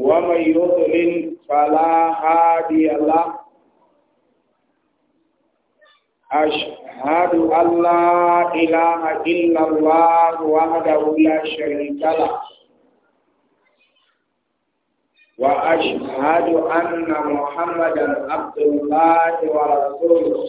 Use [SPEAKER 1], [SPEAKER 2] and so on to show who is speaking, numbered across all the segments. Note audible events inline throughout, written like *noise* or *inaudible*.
[SPEAKER 1] ومن يضلل فلا هادي له أشهد أن لا إله إلا الله وحده لا شريك له وأشهد أن محمدا عبد الله ورسوله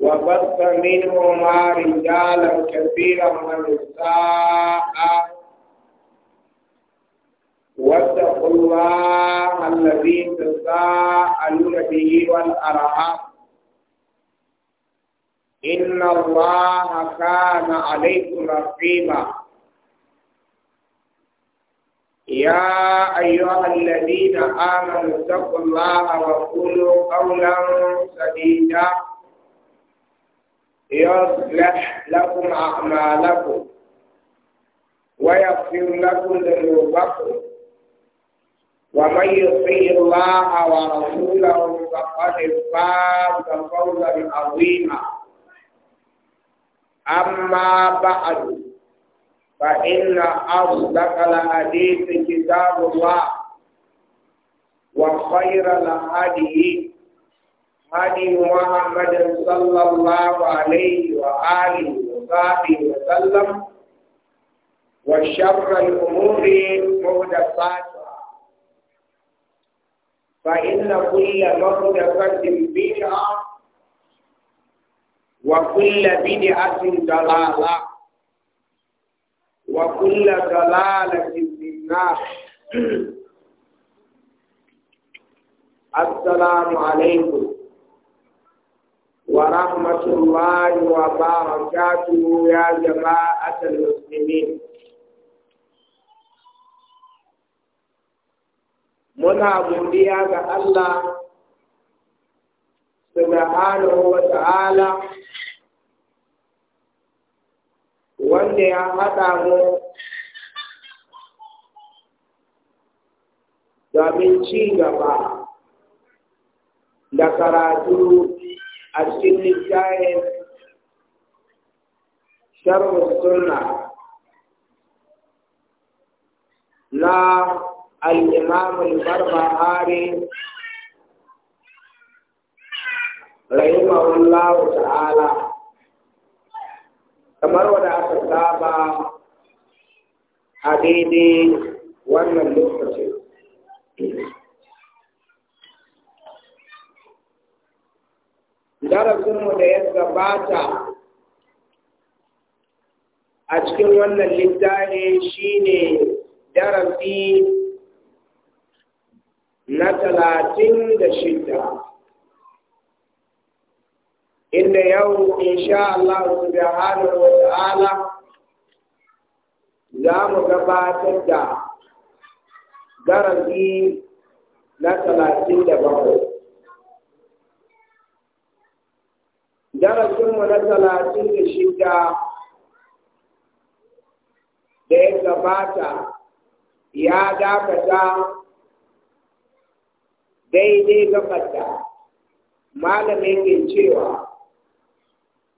[SPEAKER 1] وبث منهما رجالا كثيرا ونساء واتقوا الله الذي تساءلون به والارحام ان الله كان عليكم رقيبا يا أيها الذين آمنوا اتقوا الله وقولوا قولا سديدا يصلح لكم أعمالكم ويغفر لكم ذنوبكم ومن يطيع الله ورسوله فقد فاز فوزا عظيما أما بعد فإن أصدق الحديث كتاب الله وخير الهدي هدي محمد صلى الله عليه وآله وصحبه وسلم وشر الأمور محدثاتها فإن كل محدثة بدعة وكل بدعة ضلالة وكل ضلالة في النار *clears throat* السلام عليكم ورحمة الله وبركاته يا جماعة المسلمين muna godiya ga Allah subhanahu wa ta'ala wanda ya haɗa mu domin ci gaba da karatu a cikin littafin sharhu sunna na al-imam al-barbahari rahimahullahu ta'ala kamar wadda aka saba a daidai wannan lokacin darasinmu da ya gabata a cikin wannan littafi shine darasi na talatin da shida inda yau insha Allah subhanahu wa ta'ala za mu gabatar da darasi na talatin da bakwai darasinmu na talatin da shida da ya gabata ya dakata daidai gabata malamin ke cewa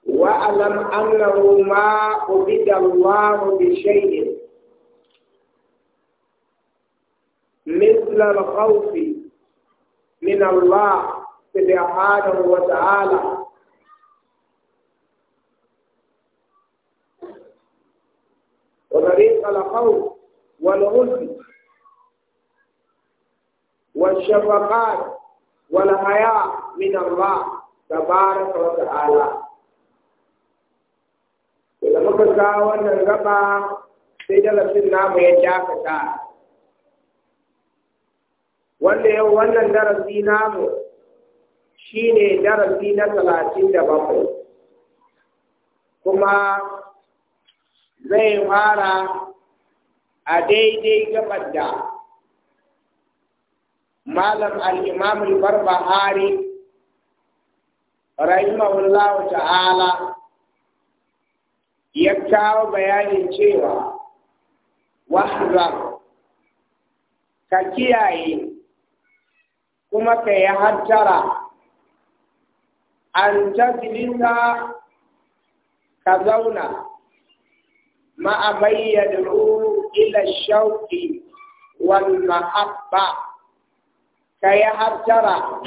[SPEAKER 1] wa'alam annahu ma ubida Allah bi shay'in مثل الخوف من الله سبحانه وتعالى وطريق الخوف والغل والشفقات والحياء من الله تبارك وتعالى إذا مكسا ونرغبا سيدنا سيدنا ميجاكتا wanda yau wannan darasi namu shi ne darasi na talatin da bakwai kuma zai fara a daidai gabar da malam al-imam al-barbahari rahimahullahu ta'ala ya kawo bayanin cewa wahzar ka kiyaye kuma ka yi hattara an tajlisa ka zauna مع من يدعو إلى الشوق والمحبة ka ترى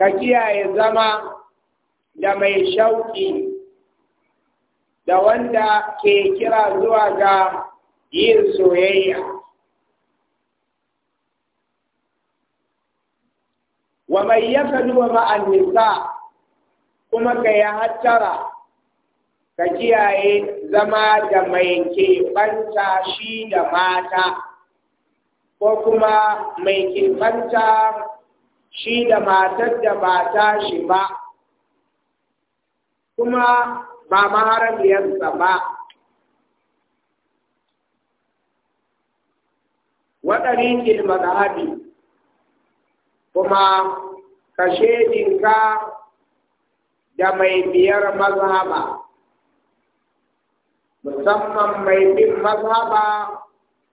[SPEAKER 1] كي زما لما يشوقي da wanda ke kira zuwa ga yin soyayya. Wa mai yaka duba ma'an kuma ka yi hattara ka kiyaye zama da mai keɓanta shi da mata ko kuma mai keɓanta shi da matar da ba ta shi ba kuma ba maharamiyarsa ba waɗari kilmadahabi kuma ka shedinka da mai biyar mazhaba musamman mai bin mazhaba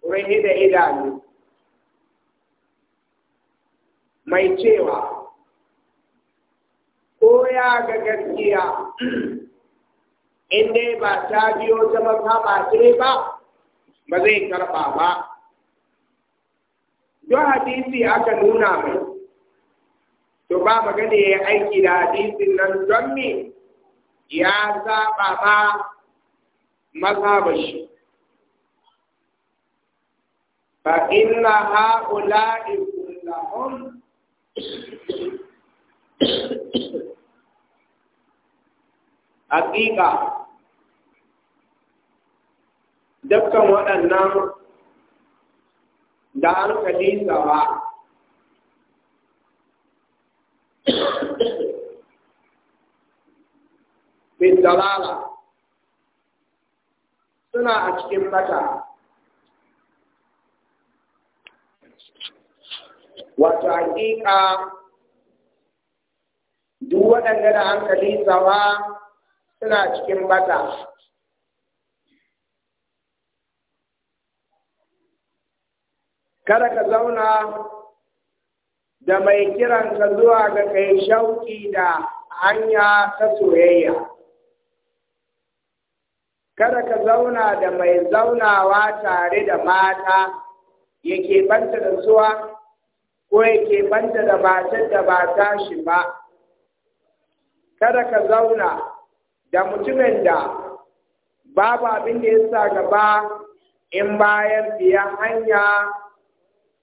[SPEAKER 1] ruhi da idanu mai cewa ko ya ga gaskiya in ba ta biyo ta mazhaba ce ba ba zai karɓa ba don hadisi aka nuna mai to ba magana ya yi aiki da hadisin nan don me ya zaɓa ba mazhabar shi fa inna ha'ula'i kullahum haƙiƙa dukkan waɗannan da hankali sawa bin dalala suna a cikin bata wato hakika duk waɗanda da hankali zawa suna cikin bata kada ka zauna da mai kiranta zuwa ga kai shauki da hanya ta soyayya kada ka zauna da mai zaunawa tare da mata yake banta da zuwa ko yake banta da matar da ba ta shi ba kada ka zauna da mutumin da babu abin da ya sa gaba in bayan biya hanya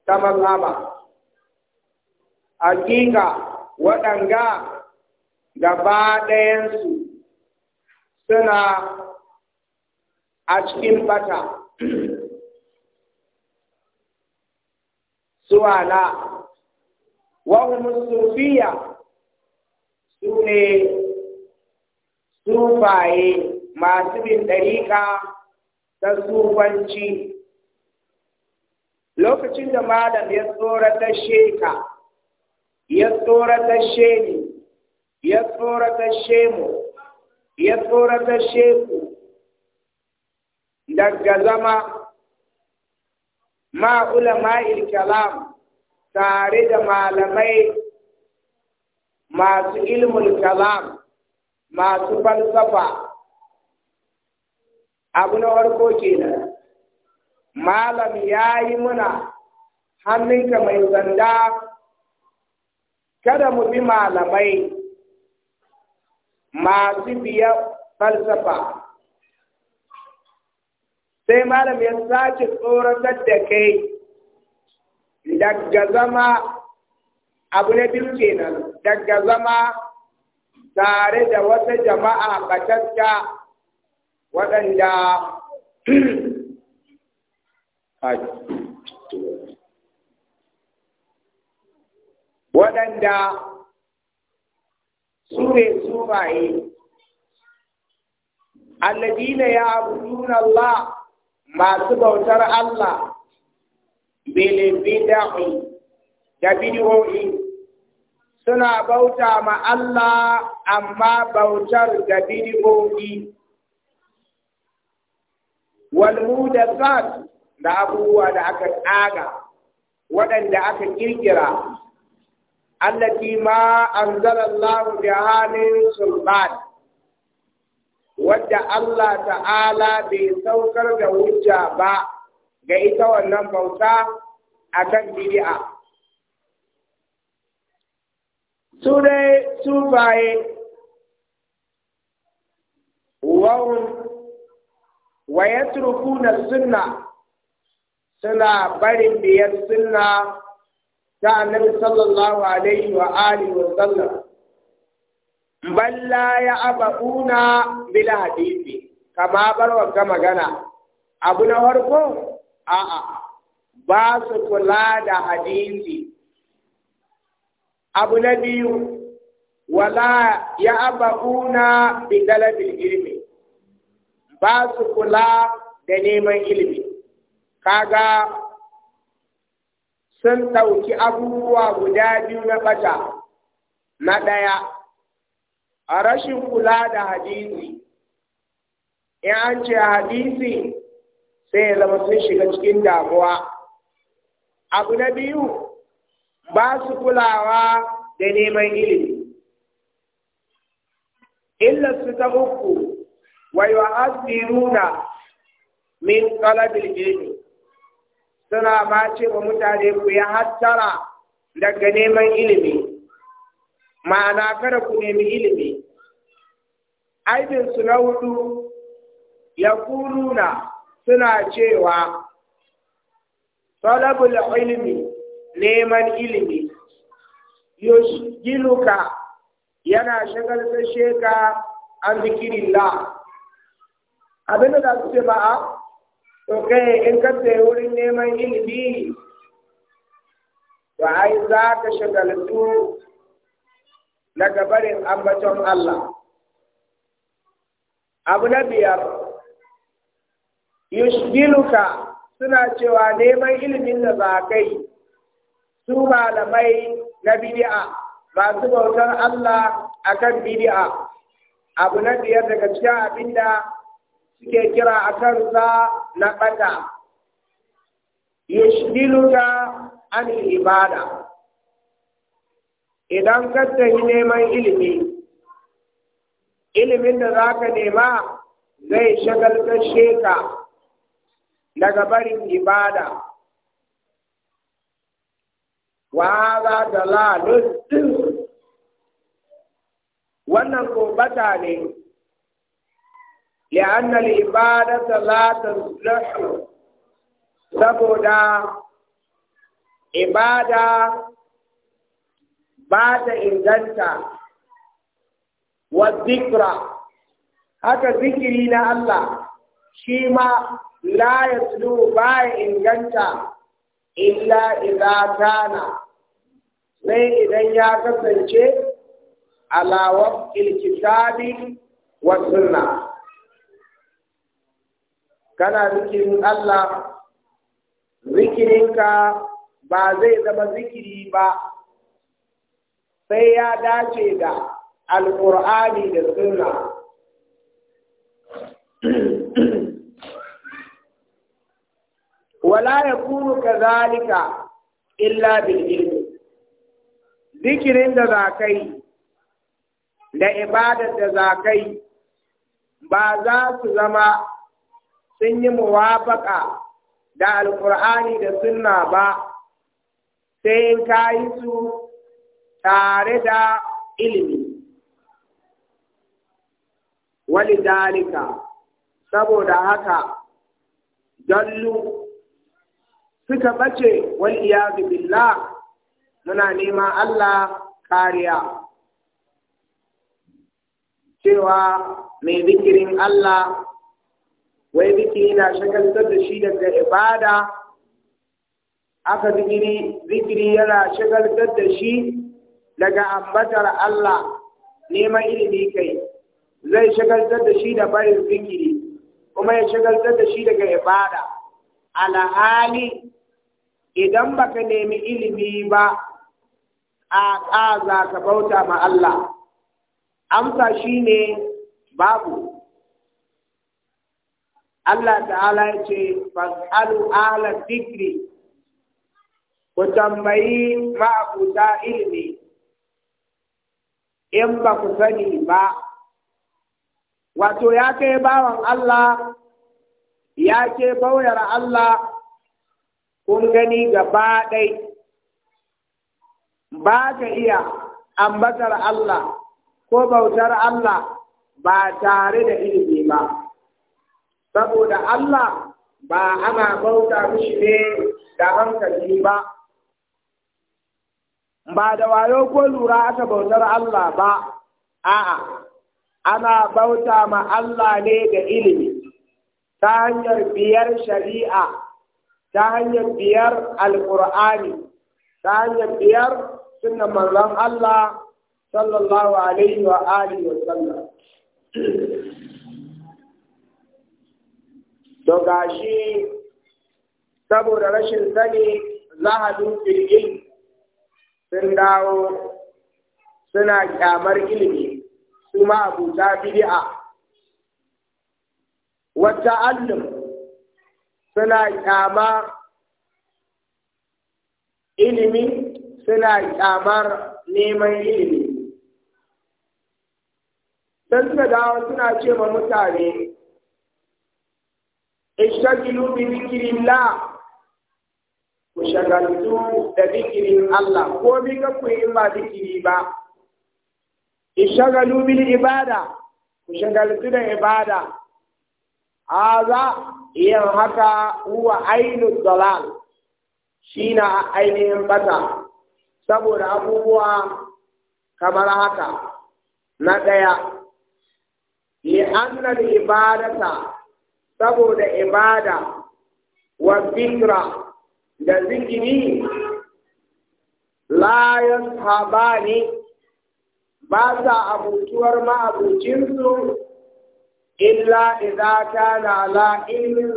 [SPEAKER 1] ta mazhaba hakika waɗanga gaba ɗayansu suna a cikin bata suwala Wani sufiya su ne sufaye masu bin ɗariƙa ta sufanci lokacin da malam ya tsorata sheka ya tsorata sheni ya tsorata shemu ya tsorata sheku daga zama ma ulama'il kalam tare da malamai masu ilmul kalam masu falsafa abu na warko kenan malam ya yi muna hannunka mai zanda. kada mu bi malamai masu biya falsafa sai malam ya sake tsoratar da kai daga zama abu na biyu kenan daga zama tare da wata jama'a batatta waɗanda *clears throat* waɗanda su ne sumaye alladina ya abu Allah masu bautar Allah bilin bid'a'i da bid'o'i suna bauta ma Allah amma bautar da bid'o'i wal mudassat da abubuwa da aka tsaga waɗanda aka kirkira allati ma anzalallahu biha sulbani da Allah ta'ala bai saukar da hujja ba ga ita wannan bauta a kan bid'a. Su dai sufaye wawun wa yatrukuna sunna suna barin biyar sunna ta annabi sallallahu alaihi wa alihi wa sallam man la ya'ba'una bil hadisi kama bar wanga magana abu na farko a'a ba su kula da hadisi abu na biyu wala ya'ba'una bi talabil ilmi ba su kula da neman ilimi kaga sun ɗauki abubuwa guda biyu na ɓata na ɗaya a rashin kula da hadisi in an ce hadisi sai ya zama sun shiga cikin damuwa abu na biyu ba su kulawa da neman ilimi illar su ta uku wa nuna min talabil ilmi suna ba ce wa mutane ku ya hattara daga neman ilimi ma'ana kada ku nemi ilimi aibinsu na hudu ya kuluna suna cewa talabul ilimi neman ilimi yushgiluka yana shagaltashe ka an zikirillah abinda da su ce ba a to kai in ka wurin neman ilimi a ai za ka shagaltu daga barin ambaton Allah. Abu na biyar, Yushbiluka suna cewa neman ilimin da za kai su malamai na bidi'a masu bautar Allah akan bidi'a. Abu na biyar daga cikin abin da suke kira a kansa na ɓata. Yushbiluka an ibada. idan ka tafi neman ilimi ilimin da za ka nema zai shagaltashe ka daga barin ibada wa za ta lalutun wannan ne لأن العبادة لا تصلح saboda ibada ba inganta wa haka zikiri na Allah shi ma la ya ba inganta illa idza kana sai idan ya kasance ala waqil kitabi wa sunna kana zikirin Allah zikirinka ba zai zama zikiri ba sai ya dace da alƙur'ani da sunna wala ya kunu kazalika illa bil zikirin da zakai da ibadar da zakai ba za su zama sun yi muwafaka da alƙur'ani da sunna ba sai in ka yi su tare da ilimi wali dalika saboda haka dallu suka bace wal iyadu billah muna neman Allah kariya cewa mai zikirin Allah wai zikiri na shagaltar da shi daga ibada aka zikiri zikiri yana shagaltar da shi daga ambatar Allah neman ilimi kai zai shagaltar da shi da bayan zikiri kuma ya shagaltar da shi daga ibada alhali idan baka nemi ilimi ba a ƙaza ka bauta ma Allah amsa shi ne babu Allah ta'ala ya ce fasalu ala zikri ku tambayi ma'abuta ilimi in ba ku sani ba wato ya kai bawan Allah ya ke bauyar Allah kun gani gaba ɗai ba ka iya ambatar Allah ko bautar Allah ba tare da ilimi ba saboda Allah ba ana bauta mishi ne da hankali ba ba da wayo ko lura aka bautar Allah ba a'a ana bauta ma Allah ne da ilimi ta hanyar biyar shari'a ta hanyar biyar al'kur'ani, ta hanyar biyar sunnan manzon Allah sallallahu alaihi wa alihi wa sallam to gashi saboda rashin sani a fil sun dawo suna kyamar ilimi su ma abuta bidi'a. wata allum suna kyama ilimi suna kyamar neman ilimi sun suka dawo suna ce ma mutane ishtagilu bi zikirillah ku shagaltu da zikirin Allah ko bi ga ku yi ba zikiri ba ishagalu bil ibada ku shagaltu da ibada aza yin haka huwa ainu dalal shi na ainihin bata saboda abubuwa kamar haka na ɗaya li'annar ibadata saboda ibada wa fikra da zikiri la yashabani ba sa abutuwar ma'abucinsu illa idza kana ala ilmin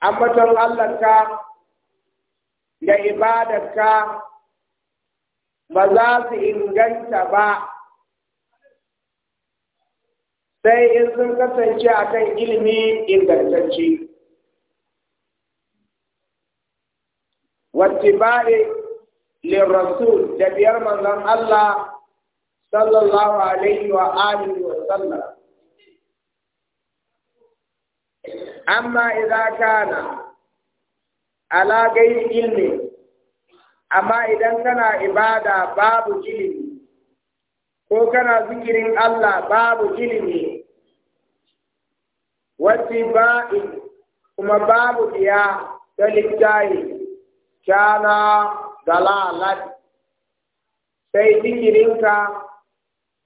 [SPEAKER 1] tan Allah ka da ibadarka ba za su inganta ba sai in sun kasance a kan ilimi ingantacce wattiba'i lirrasul da biyar manzon Allah sallallahu alaihi wa alihi wa sallam amma idan kana ala gai ilmi amma idan kana ibada babu ilimi ko kana zikirin Allah babu ilimi wati ba kuma babu diya dalik tayi kana dala sai dikirin na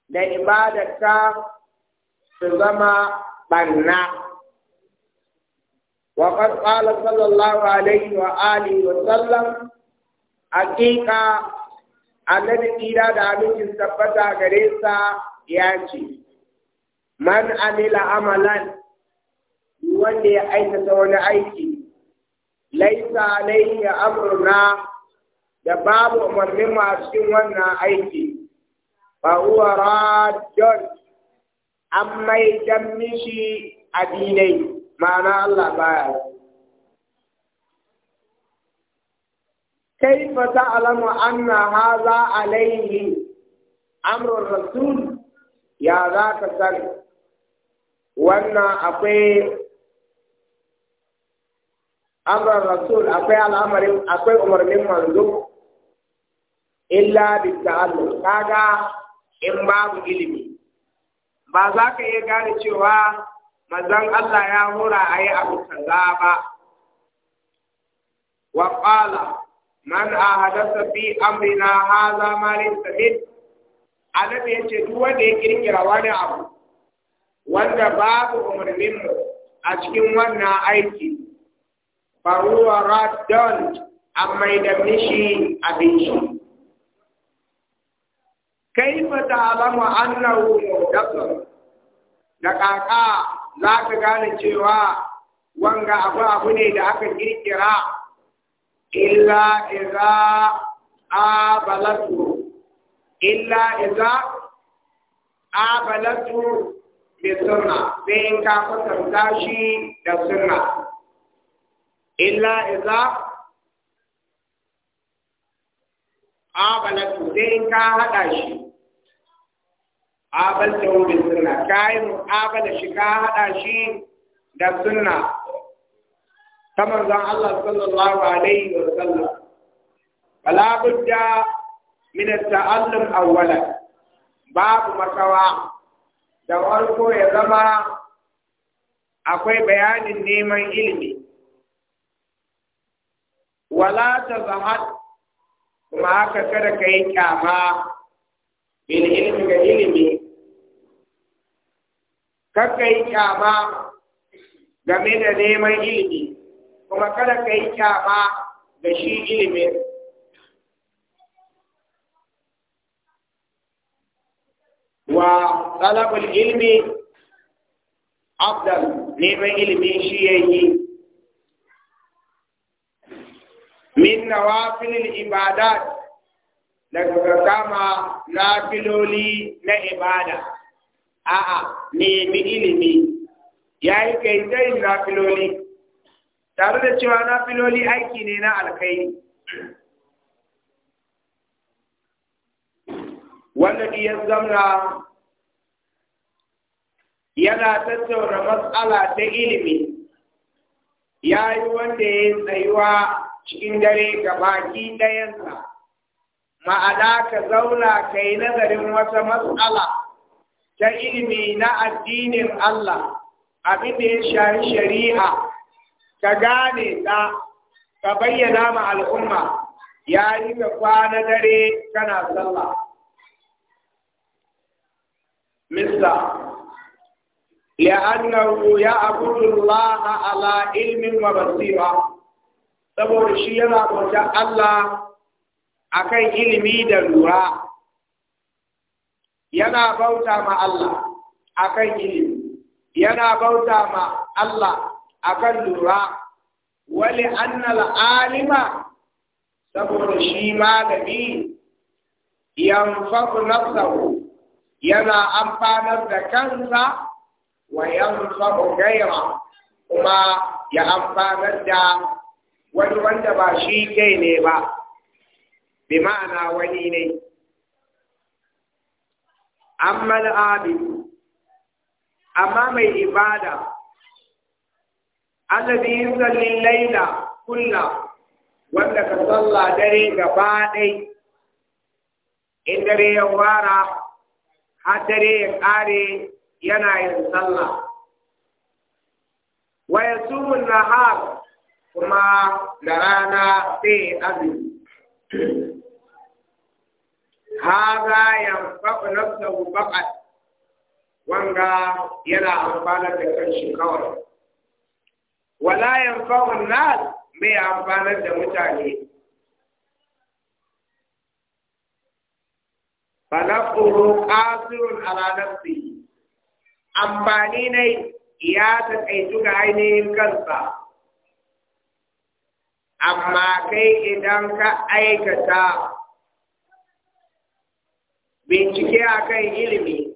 [SPEAKER 1] da ibada ka su zama banna wa kan qala sallallahu wa alihi wa sallam aqiqa alladhi ira da alikin sabbata gare sa yaci man amila amalan wanda ya aikata wani aiki laisa alaihi amruna da babu umarnin masu cikin wannan aiki ba huwa rajul amma idan mishi adinai ma'ana Allah baya كيف تعلم أن هذا عليه أمر الرسول يا ذاك السنة وأن أقول amran rasul akwai al'amarin akwai umarnin manzo illa bi ta'allu kaga in babu ilimi ba za ka iya gane cewa manzon Allah ya hura ayi abu kaza ba wa qala man ahadatha fi amrina hadha ma laysa min annabi yace duk wanda ya kirkira wani abu wanda babu umarnin mu a cikin wannan aiki faruwa raddon an mai da mishi abin kai fa ta alamu annahu mudaffar da kaka za ka gane cewa wanga abu abu ne da aka kirkira illa idza abalatu illa a abalatu bi suna, sai in ka kwatanta shi da suna. illa iza abalatu sai ka haɗa shi abalta wurin sunna ka yi mu'abala shi ka haɗa shi da sunna ta manzon Allah sallallahu alaihi wa sallam fala budda min at-ta'allum awwalan babu makawa da farko ya zama akwai bayanin neman ilimi wala ta zahar kuma haka kada ka yi kyama bil ilimi ga ilimi kakka yi kyama game da neman ilimi kuma kada ka yi kyama da shi ilimin wa talabul ilmi afdal neman ilimi shi yayi min nawafilil ibada daga kama filoli na ibada a'a nemi ilimi ya yi kai na filoli. tare da cewa filoli aiki ne na alkai wanda ya zamna yana tattauna matsala ta ilimi ya yi wanda ya yi tsayuwa cikin dare ga baki ɗayansa ma'ana ka zauna ka yi nazarin wata matsala ta ilimi na addinin Allah abin da ya shari shari'a ka gane ta ka bayyana ma al'umma ya yi ka kwana dare kana sallah Mista, لأنه يعبد ala ilmin wa basira. saboda shi yana bautar Allah akan ilimi da lura yana bauta ma Allah kan ilimi yana bauta ma Allah kan lura wali annal alima saboda shi malami yanfaku nafsahu yana amfanar da kansa wa yanfaku gaira kuma ya amfanar da wani wanda ba shi kai ne ba bi ma'ana wani ne amma al'abidu amma mai ibada alladhi yusalli laila kulla wanda ka salla dare gaba ɗai in dare ya wara har dare ya ƙare yana yin salla. wa yasumun nahar kuma da rana sai azumi haza yanfa'u nafsahu faqat wanga yana amfana da kanshi kawai wala yanfa'u nas me amfana da mutane a qasirun ala nafsihi amfani ne ya taƙaitu ga ainihin kansa amma kai idan ka aikata bincike a kan ilimi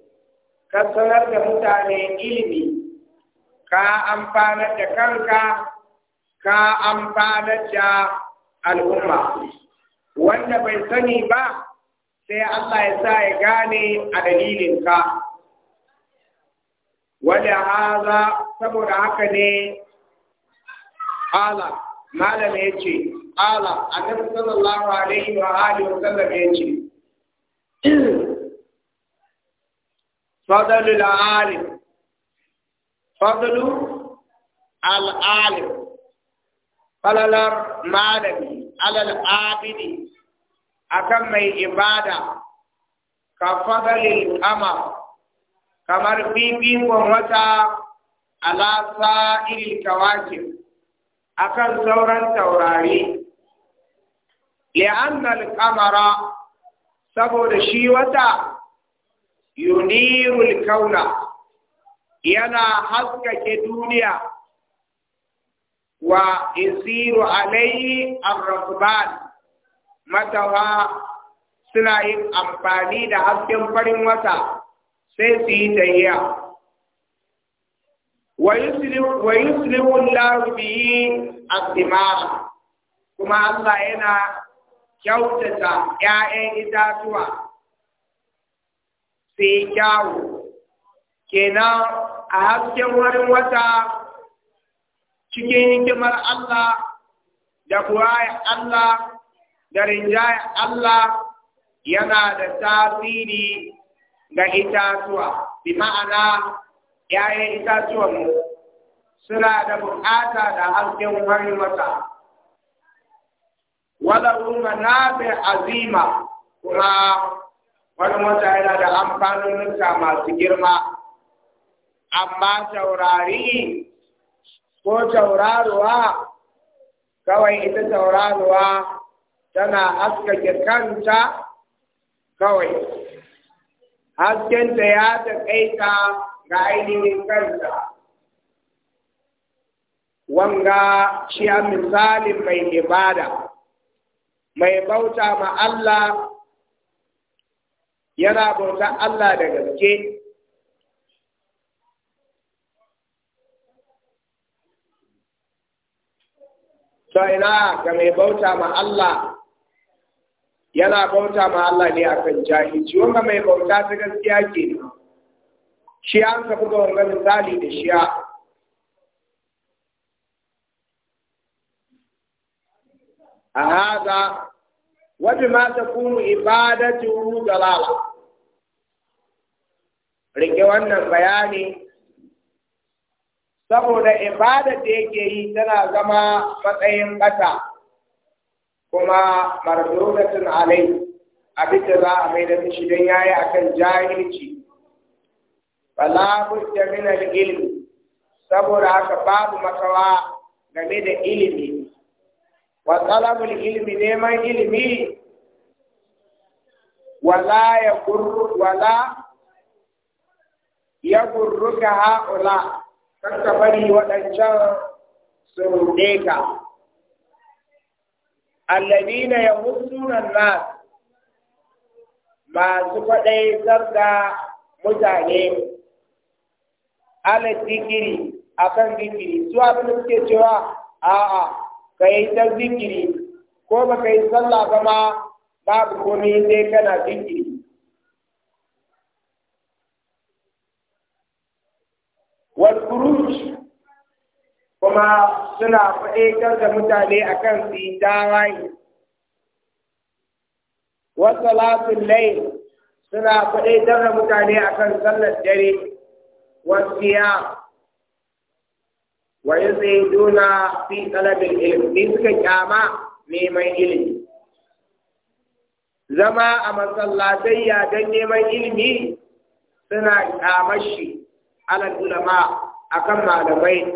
[SPEAKER 1] ka sanar da mutane ilimi ka amfanar da kanka ka amfanar da al'umma wanda bai sani ba sai Allah ya sa ya gane a dalilinka wanda haza saboda haka ne Allah malam ya ce ala annabi sallallahu alaihi wa alihi wa sallam ya ce fadalu al-alim fadalu al-alim falalar malami alal abidi akan mai ibada ka fadalil kama kamar fifikon wata ala sa'il kawakib akan sauran taurari li'annal kamara saboda shi wata yunirul kauna yana haskake duniya wa isiru alayhi ar-rakban matawa suna yin amfani da hasken farin wata sai su yi tahiya ويسلم الله به الدماء كما الله هنا كوتتا يا إتاتوا في a كنا wurin wata cikin hikimar Allah da Allah da rinjaya Allah yana da tasiri ga itatuwa bi ma'ana ‘ya'yan mu suna da bukata da hasken wani wata, na manafi azima kuma wani mata yana da nuka masu girma, amma taurari ko tauraruwa kawai ita tauraruwa tana haskake kanta kawai, haskenta ya taƙaita ga ainihin kansa wanga shi a misalin mai ibada mai bauta ma Allah yana bauta Allah da gaske to ina ga mai bauta ma Allah yana bauta ma Allah ne akan jahilci wanga mai bauta ta gaskiya ke nan shi an ka buga wanga misali da shi. a haza wajen ma ta kunu ibadatu dalala rike wannan bayani saboda ibada da yake yi tana zama matsayin bata kuma mardudatun alai abin da za a mai da shi don yayi akan jahilci fala budda min al saboda haka babu makawa game da ilimi wa talabul ilmi neman ilimi wala ya gurru wala ya gurruka bari waɗancan su ruɗe ka alladina yahudduna nas masu kwaɗaitar da mutane ala zikiri akan zikiri su abin da suke cewa a'a ka yi ta zikiri ko ba kai sallah ba ma babu komai dai kana zikiri wal kuma suna faɗaƙar da mutane akan su da wasu latin lai suna faɗaƙar da mutane akan sallar dare والثياب ويزيدون في طلب العلم suka kyama neman ilimi zama a masallatayya don neman ilimi suna kamashi alal ulama akan malamai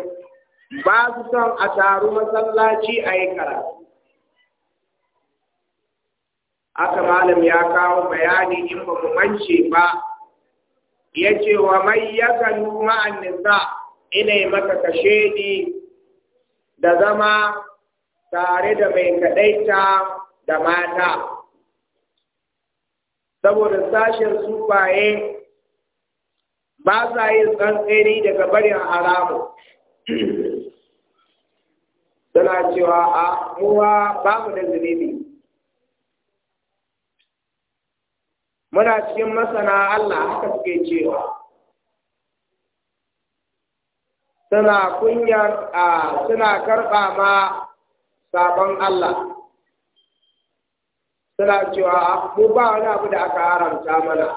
[SPEAKER 1] ba su son a taru masallaci a yi karatu aka malam ya kawo bayani in ba mu mance ba ya ce wa mai ya kanu ma'an nisa ina yi maka kashe ni da zama tare da mai kaɗaita da mata saboda sashen sufaye ba sa yin tsantsiri daga barin haramu suna cewa a muwa ba mu da zunubi muna cikin masana Allah haka suke cewa suna kunyar a suna karɓa ma sabon Allah suna cewa mu ba wani abu da aka haramta mana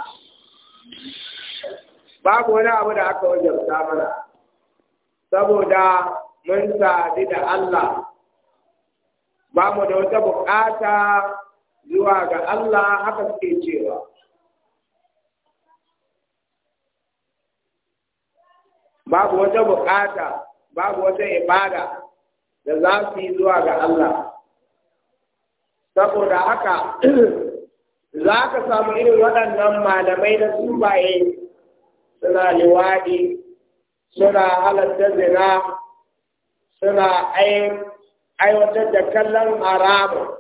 [SPEAKER 1] babu wani abu da aka wajabta mana saboda mun sadi da Allah ba mu da wata bukata zuwa ga Allah haka suke cewa babu wata bukata babu wata ibada da za su yi zuwa ga Allah saboda haka *clears throat* za ka samu irin waɗannan malamai da sumbaye, suna liwaɗi suna halatta zina suna aiwatar da kallon haramu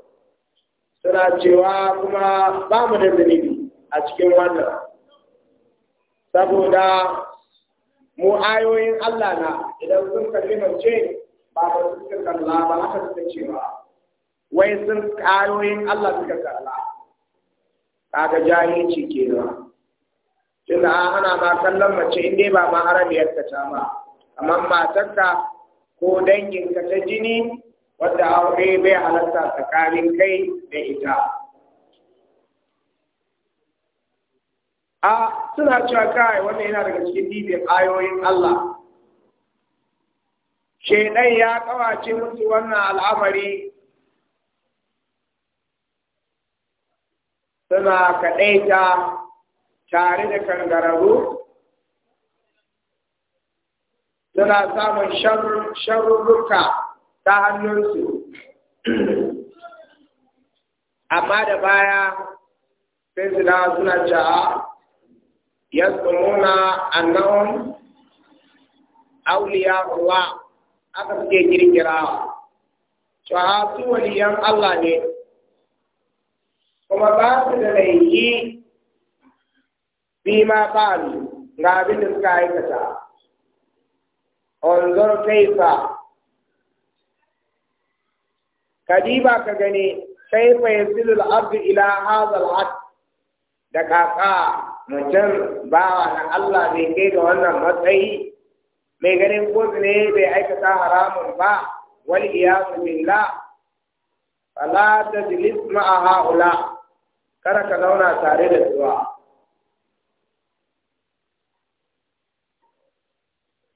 [SPEAKER 1] suna cewa kuma ba mu da zunubi a cikin wannan saboda mu ayoyin Allah na idan sun kalimance ba ba su suka kalla ba haka suka ce ba wai sun ayoyin Allah suka kalla kaga jahilci kenan da ana ma kallon mace in ba ma arabiyar ka ta ba amma matarka ko danginka ta jini wadda aure bai halatta tsakanin kai da ita a suna cewa kai wannan yana daga cikin dibin ayoyin Allah shedan ya kawace musu wannan al'amari suna ta tare da kangararru suna samun sharurruka ta hannunsu amma da baya sai suna suna cewa yasumuna annahum awliya Allah aka suke kirkirawa cewa su waliyan Allah ne kuma ba su da laifi bi ma fa'alu ga abin da suka aikata onzor kaifa kadiba ka gani kaifa yasilu al-abd ila hadha al-hadd da kaka mutum bawa na Allah bai kai ga wannan matsayi mai ganin kotu ne bai aikata haramun ba wal iyasu billah fala tajlis ma'a haula kada ka zauna tare da zuwa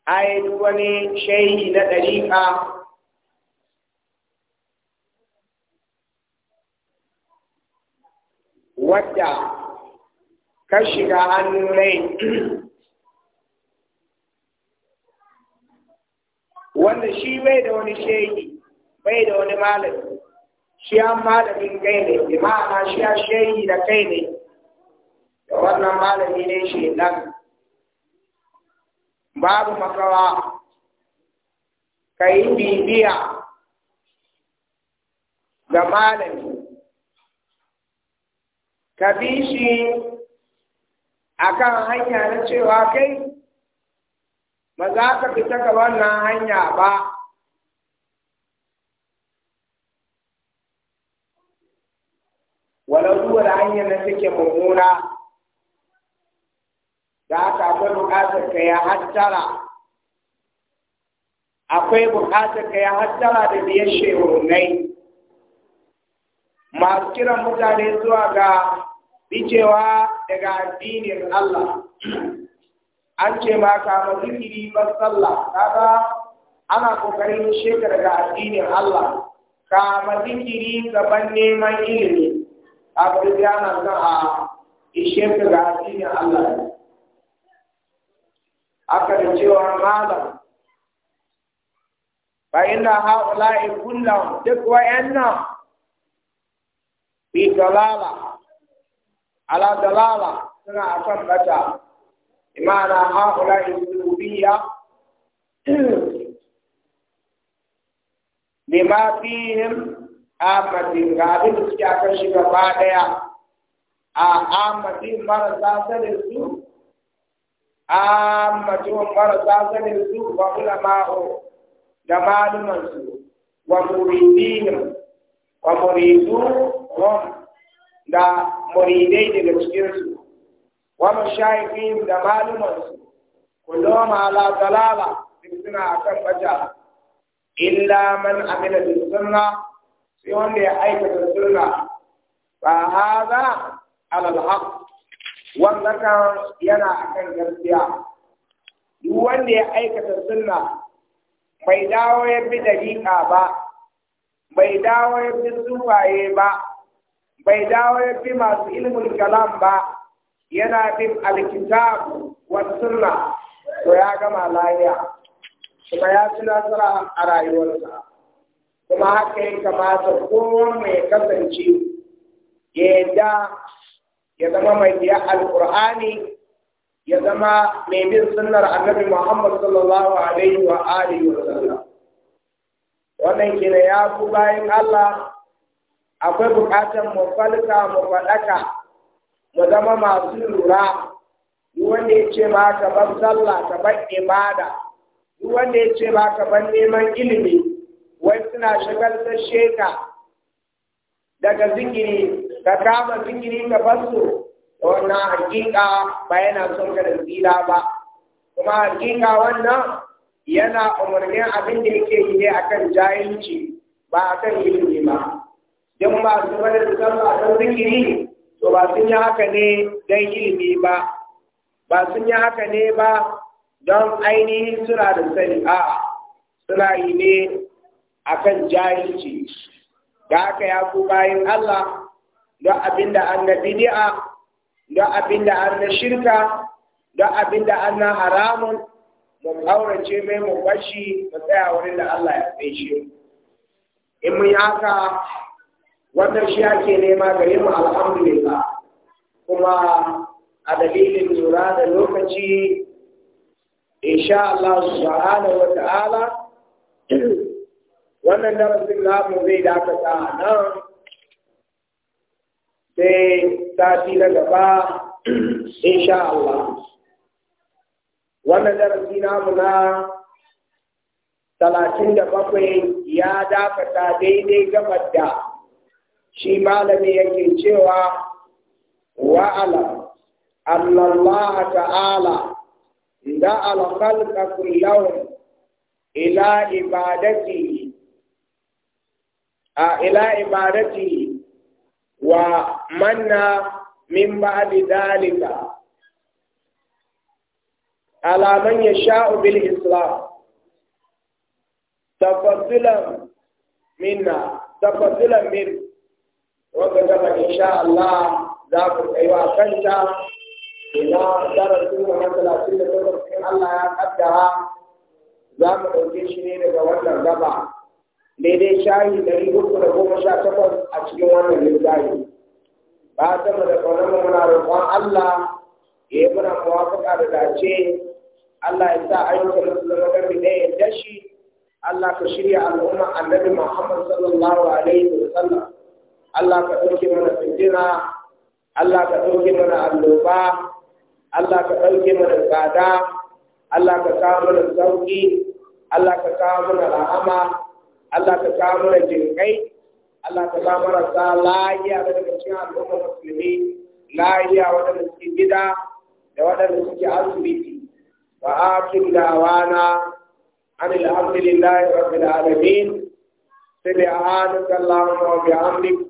[SPEAKER 1] ai duk wani shehi na ɗariƙa wadda ka shiga hannu rai wanda shi bai da wani shehi bai da wani malami shi an malamin kai ne bi ma'ana shi a shehi da kai ne da wannan malami ne shi nan babu makawa ka yi bibiya ga malami ka bi shi akan hanya na cewa kai ba za ka fita ga wannan hanya ba walau da hanyar da take mummuna da aka akwai buƙatar ka ya hattara akwai bukatar ka ya hattara da biyan shehurnai masu kiran mutane zuwa ga bicewa daga addinin Allah an ce ma kama zikiri ba sallah kaga ana kokarin sheka daga addinin Allah ka kama zikiri gaban neman ilimi a bayyana ga a ishe daga addinin Allah aka da cewa malam fa inna haula'i kullu duk wayanna bi dalala ala dalala suna akan bata imana haula rububiyya bima fihim amatin ga abin da suke akan shi gaba daya a amatin marasa sanin su amatin marasa sanin su wa wa da muridai daga cikinsu wani shayifin da malumansu kullum la dalala duk suna akan bata illa man amila da sunna sai wanda ya aikata sunna fa hada ala alhaq wanda kan yana akan gaskiya duk wanda ya aikata sunna bai dawo ya bi dalika ba bai dawo ya bi zuwaye ba bai dawo ya fi masu ilmin kalam ba yana bin alkitab wa sunna to ya gama lafiya kuma ya fi nasara a rayuwarsa kuma haka ya kamata kowanne ya kasance ya yadda ya zama mai biya alkur'ani ya zama mai bin sunnar annabi muhammad sallallahu alaihi wa alihi wa sallam wannan kina ya bayan allah akwai buƙatar mu falka mu faɗaka mu zama masu lura duk wanda ya ce ba ka ban sallah ka ban ibada duk wanda ya ce ba ka ban neman ilimi wai suna shagaltar sheka daga zikiri ka kama zikiri ka basu wannan hakika ba yana son ka da tsira ba kuma hakika wannan yana umarnin abin da yake yi ne akan jahilci ba akan ilimi ba Idan ba su da sallah don zikiri to ba sun yi haka ne don ilimi ba ba sun yi haka ne ba don ainihin suna da sani a suna yi ne a kan jahilci da haka ya ku bayan Allah don abin da an na bidi'a don abin da an na shirka don abin da an na haramun mu aurace mai mu bashi mu tsaya wurin da Allah ya tsaye shi in mun yi haka wannan shi ake nema ga mu alhamdulillah kuma a dalilin lura da lokaci insha Allah subhanahu wa ta'ala wannan darasin namu zai dakata a nan sai sati na gaba insha Allah wannan darasi namu na talatin da bakwai ya dakata daidai gabar da shi malami yake cewa wa'ala Allah ta'ala da al-khalqa ila ibadati a ila ibadati wa manna min ba'di dalika ala man yasha'u bil islam tafaddulan minna tafaddulan minna wanda gaba sha Allah za ku tsayuwa kanta ina darasin da matalacin da takwas Allah ya kaddara za mu ɗauke shi ne daga wannan gaba daidai shayi ɗari uku da goma sha takwas a cikin wannan lissafi ba sama da ƙaunar muna roƙon Allah ya yi muna muwafaƙa da dace Allah ya sa ayyukan su zama gami ɗaya da shi Allah ka shirya al'umma annabi Muhammad sallallahu alaihi wa sallam Allah ka ɗauke mana fitina Allah ka ɗauke mana alloba. Allah ka ɗauke mana tsada Allah ka kawo mana sauƙi Allah ka kawo mana rahama Allah ka kawo mana jinkai Allah ka mana marasa lahiya daga cikin al'umma musulmi lahiya waɗanda suke gida da waɗanda suke asibiti wa akin dawana an alhamdulillahi rabbil alamin سبحانك اللهم وبحمدك